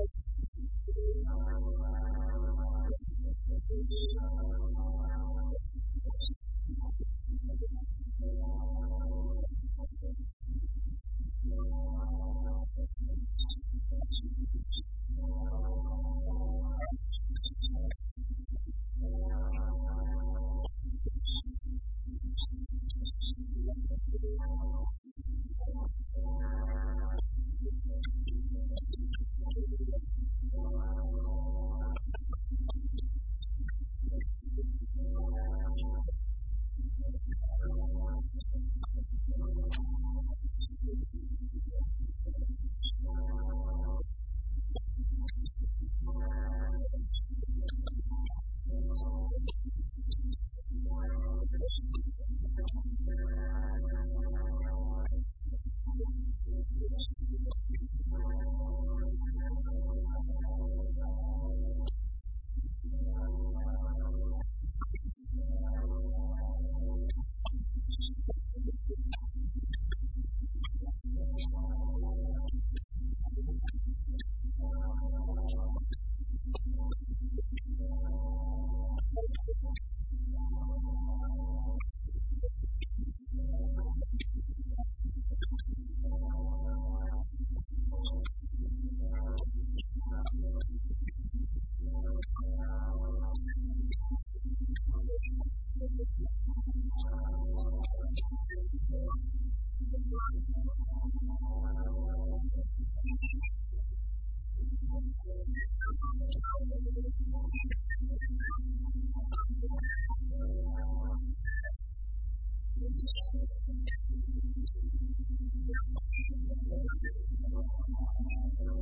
Thank you. Thank you.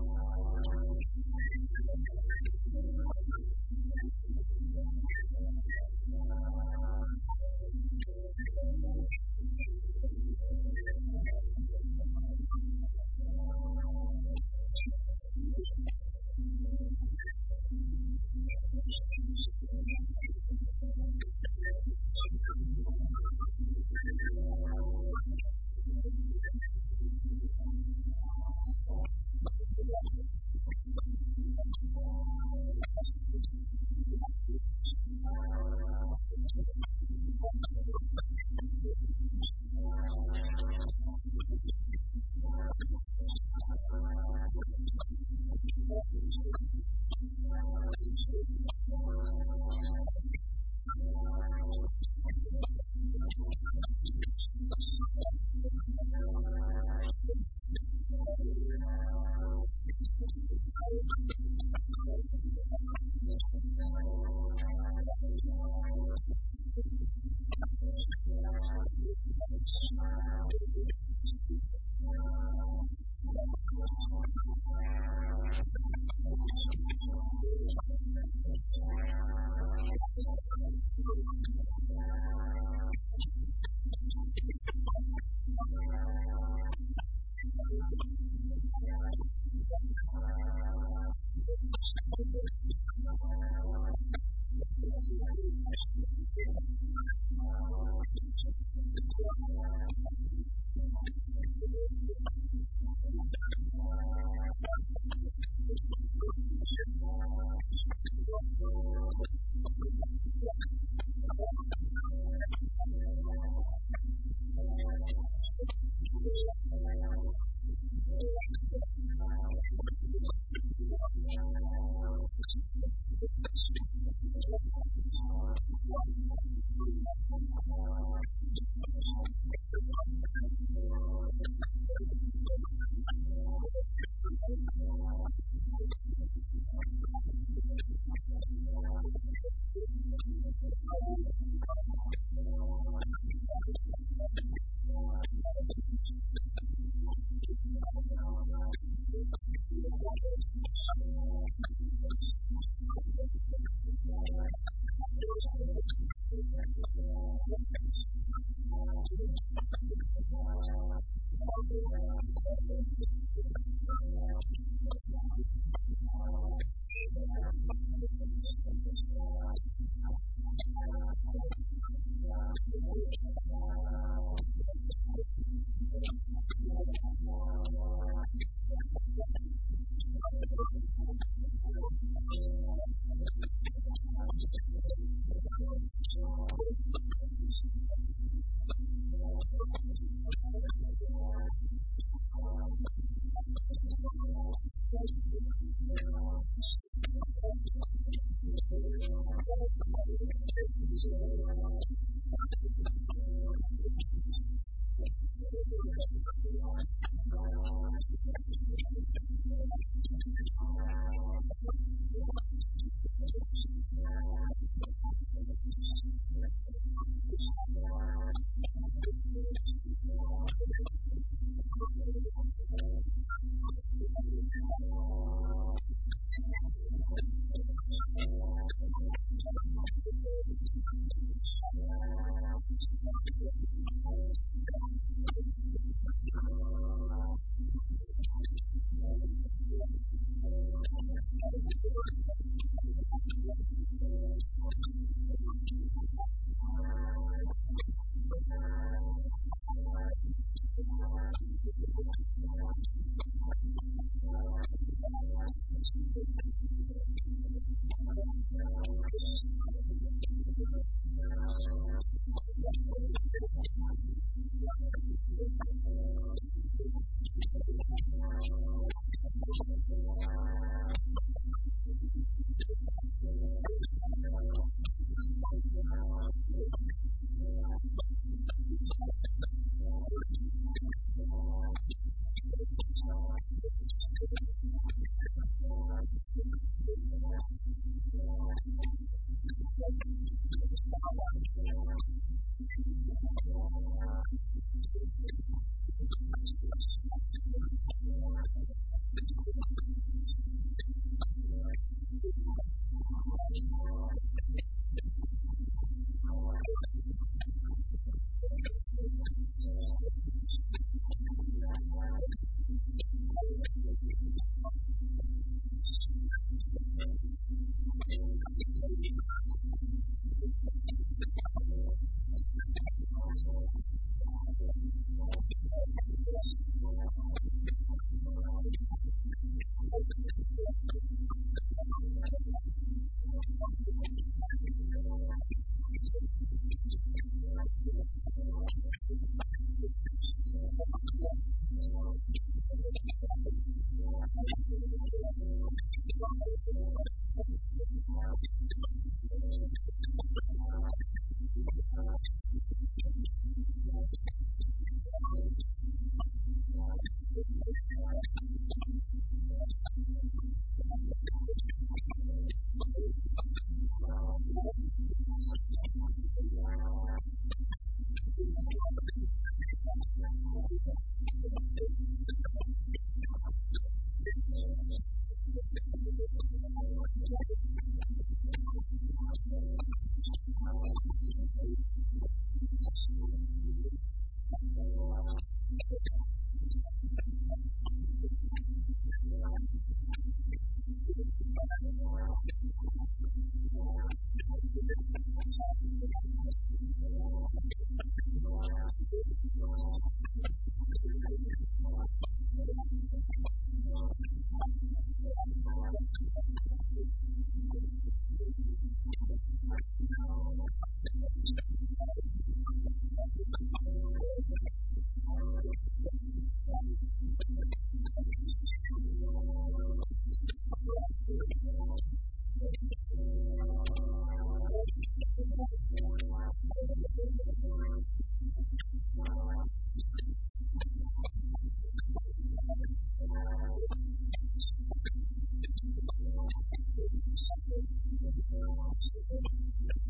Yeah.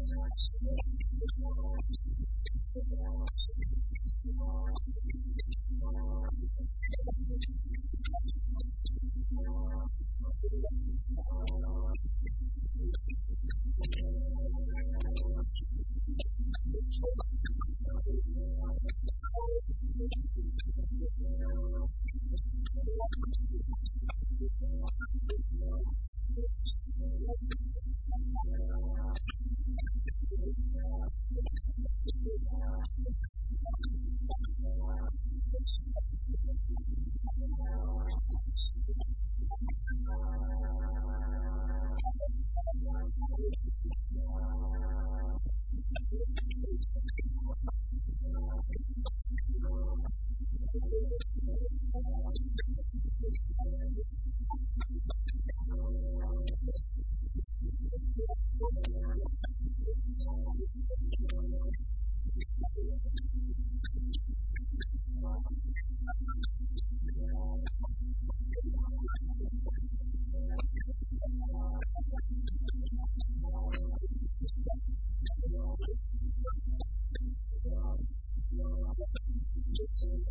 Jesus. Jesus.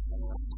Thank you.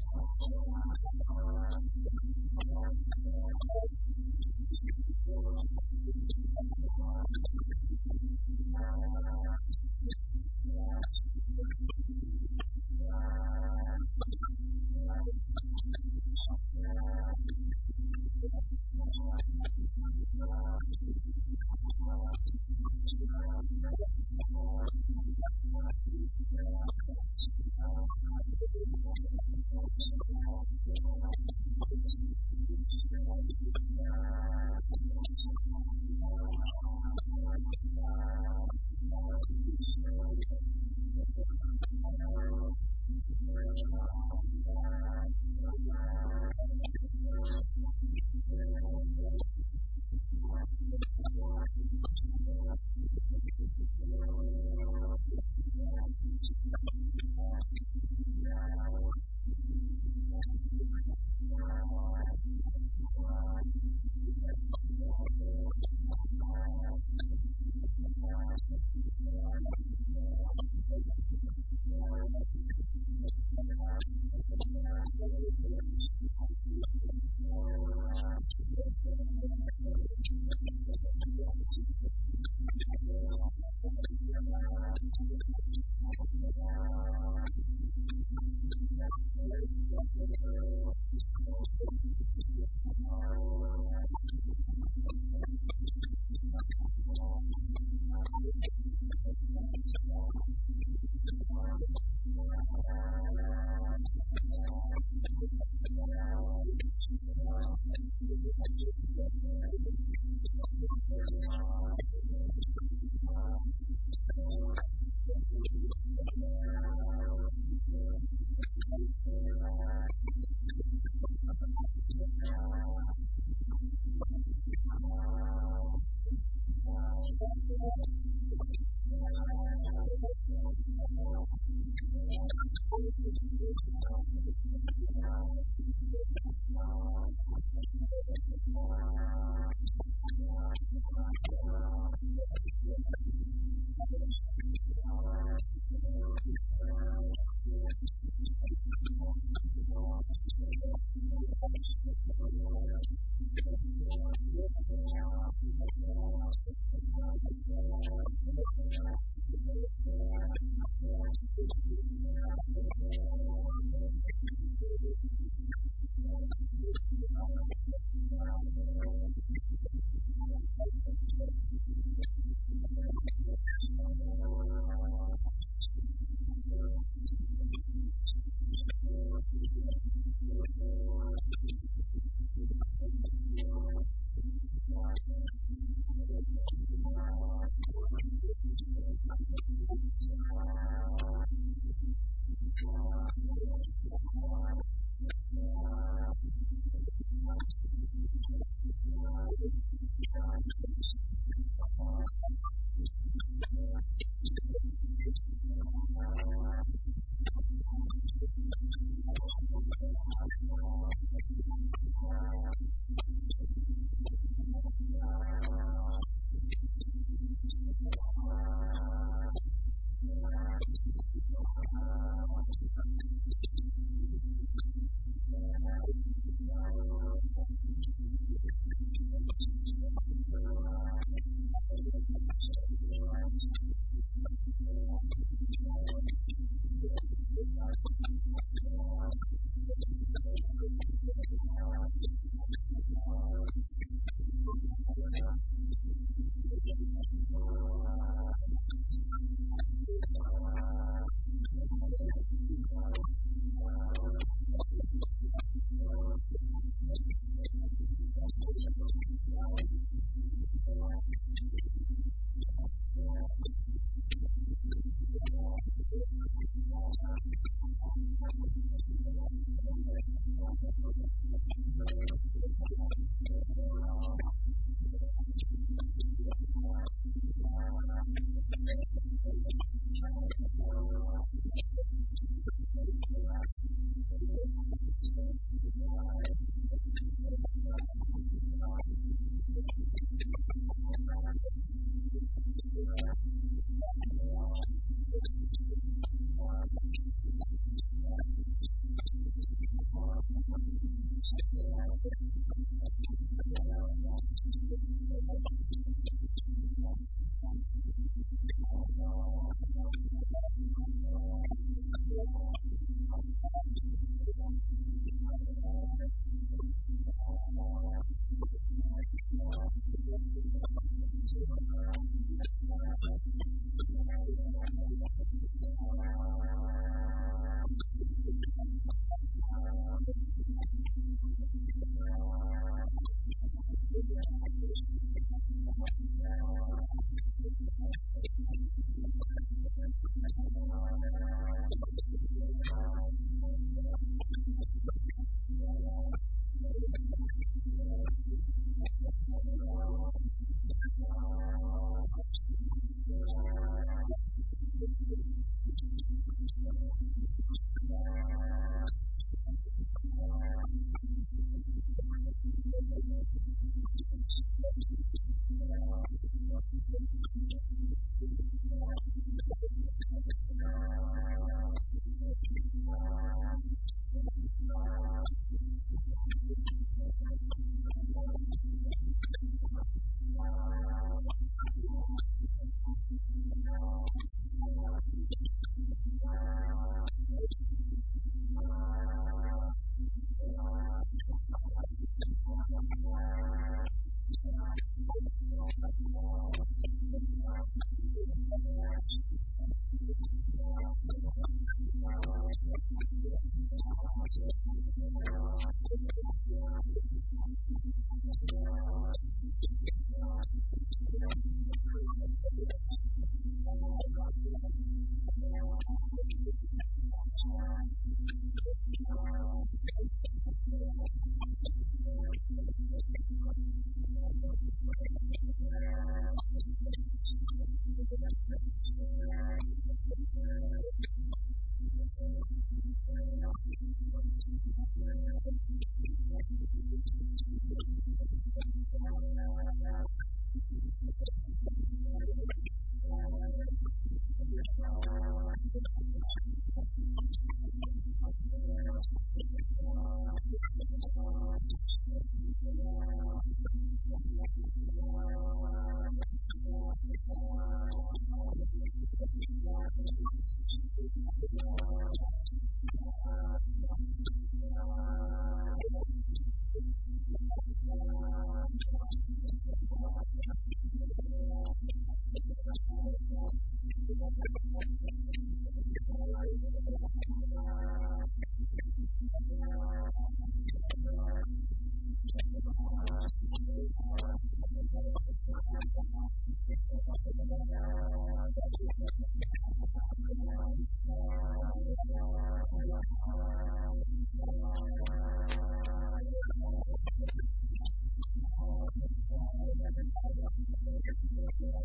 Thank you. Thank you.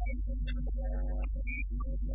Thank you.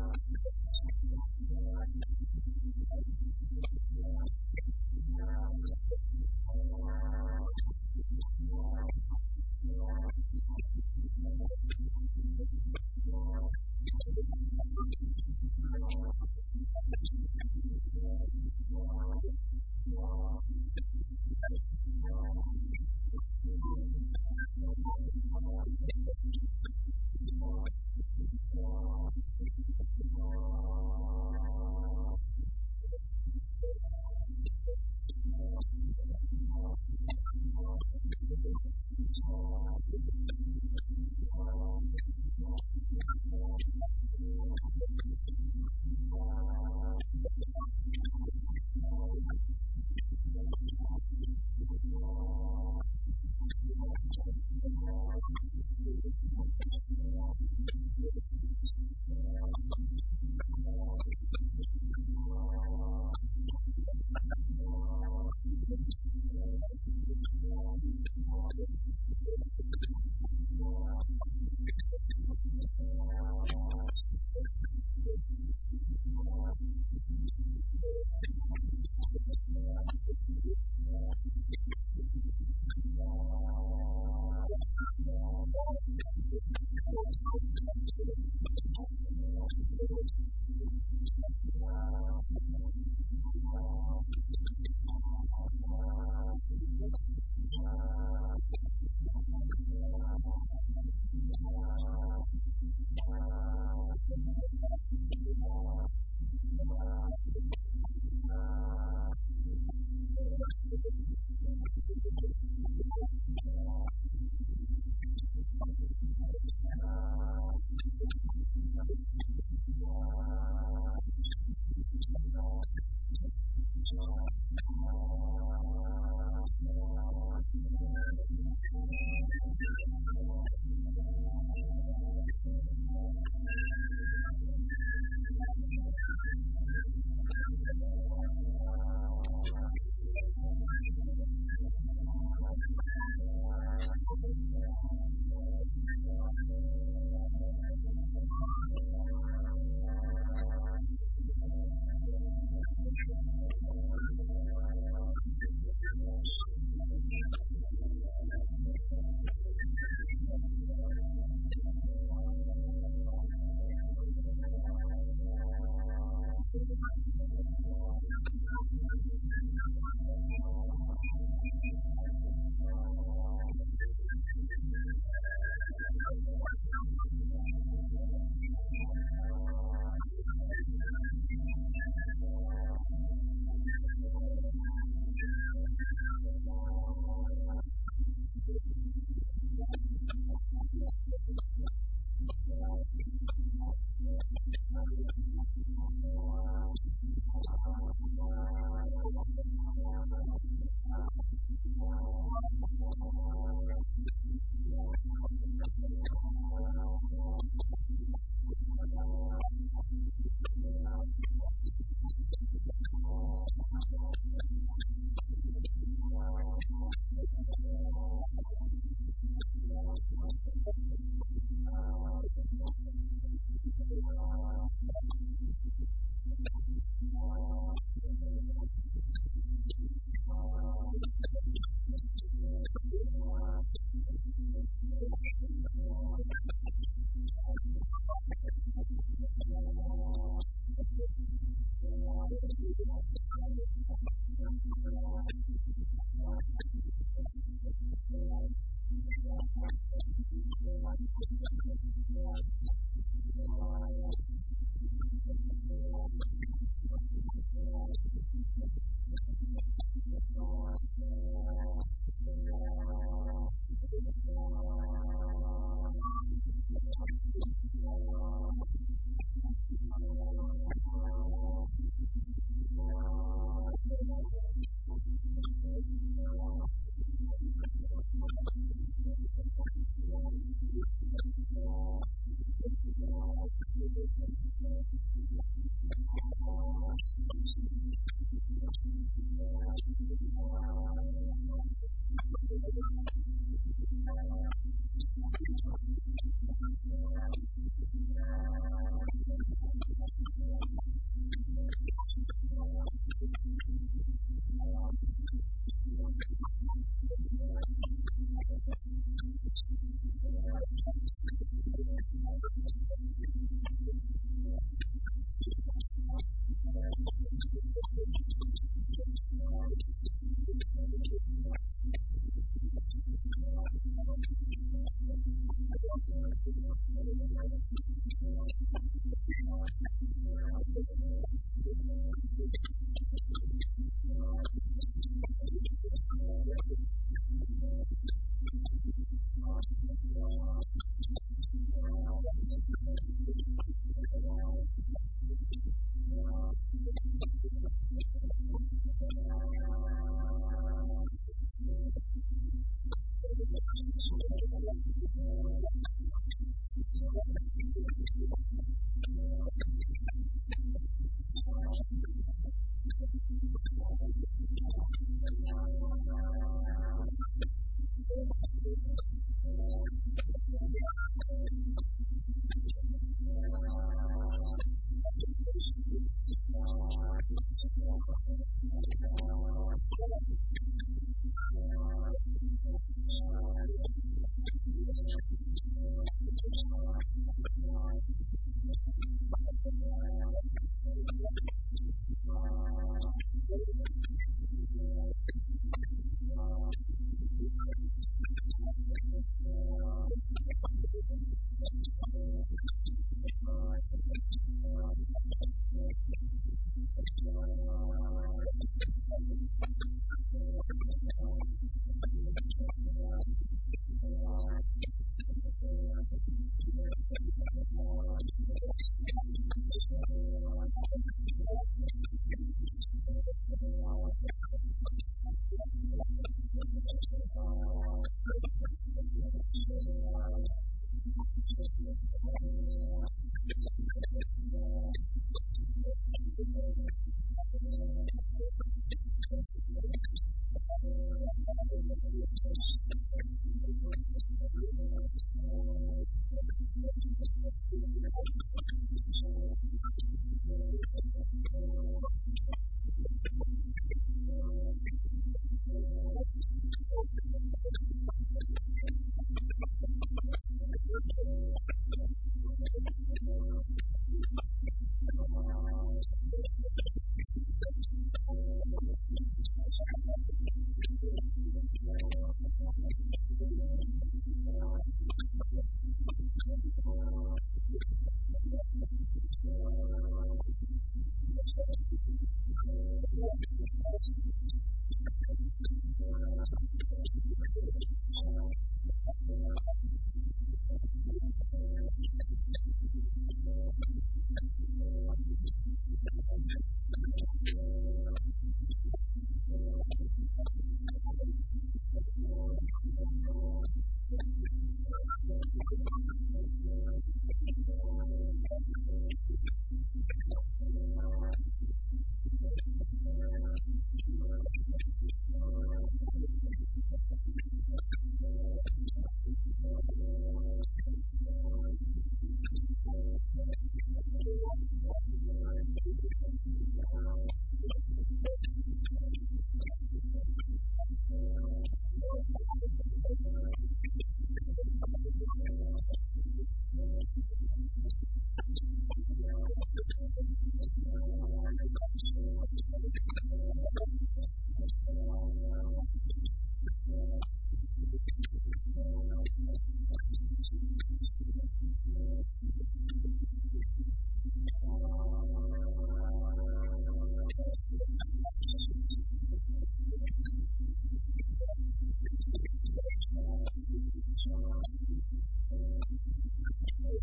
Thank you.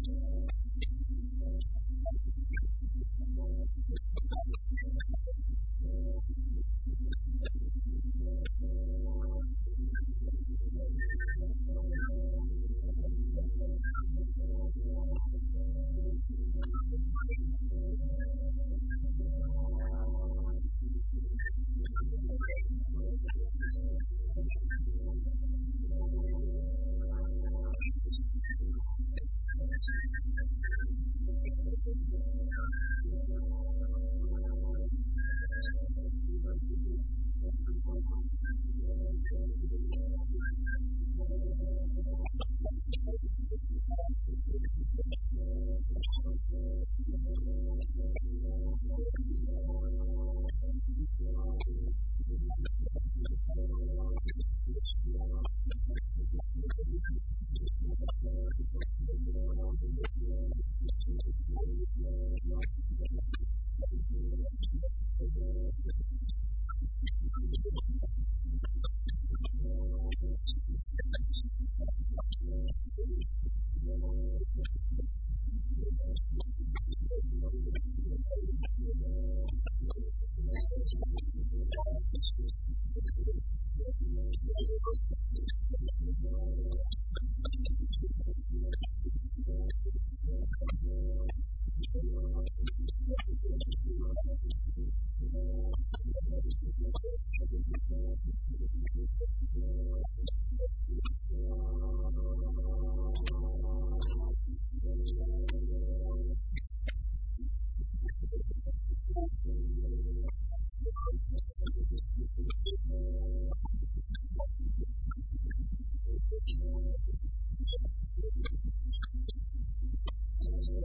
Thank you. Jesus Thank you.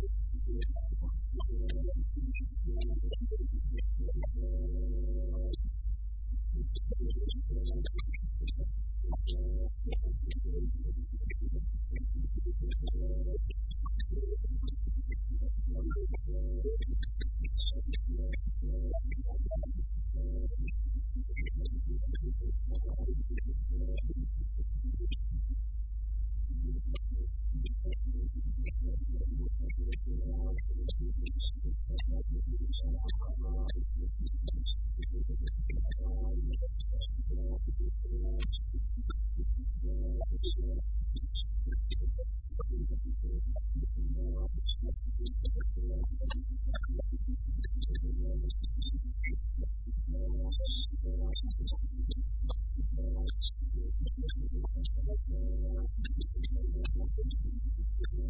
どうぞ。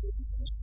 Thank you.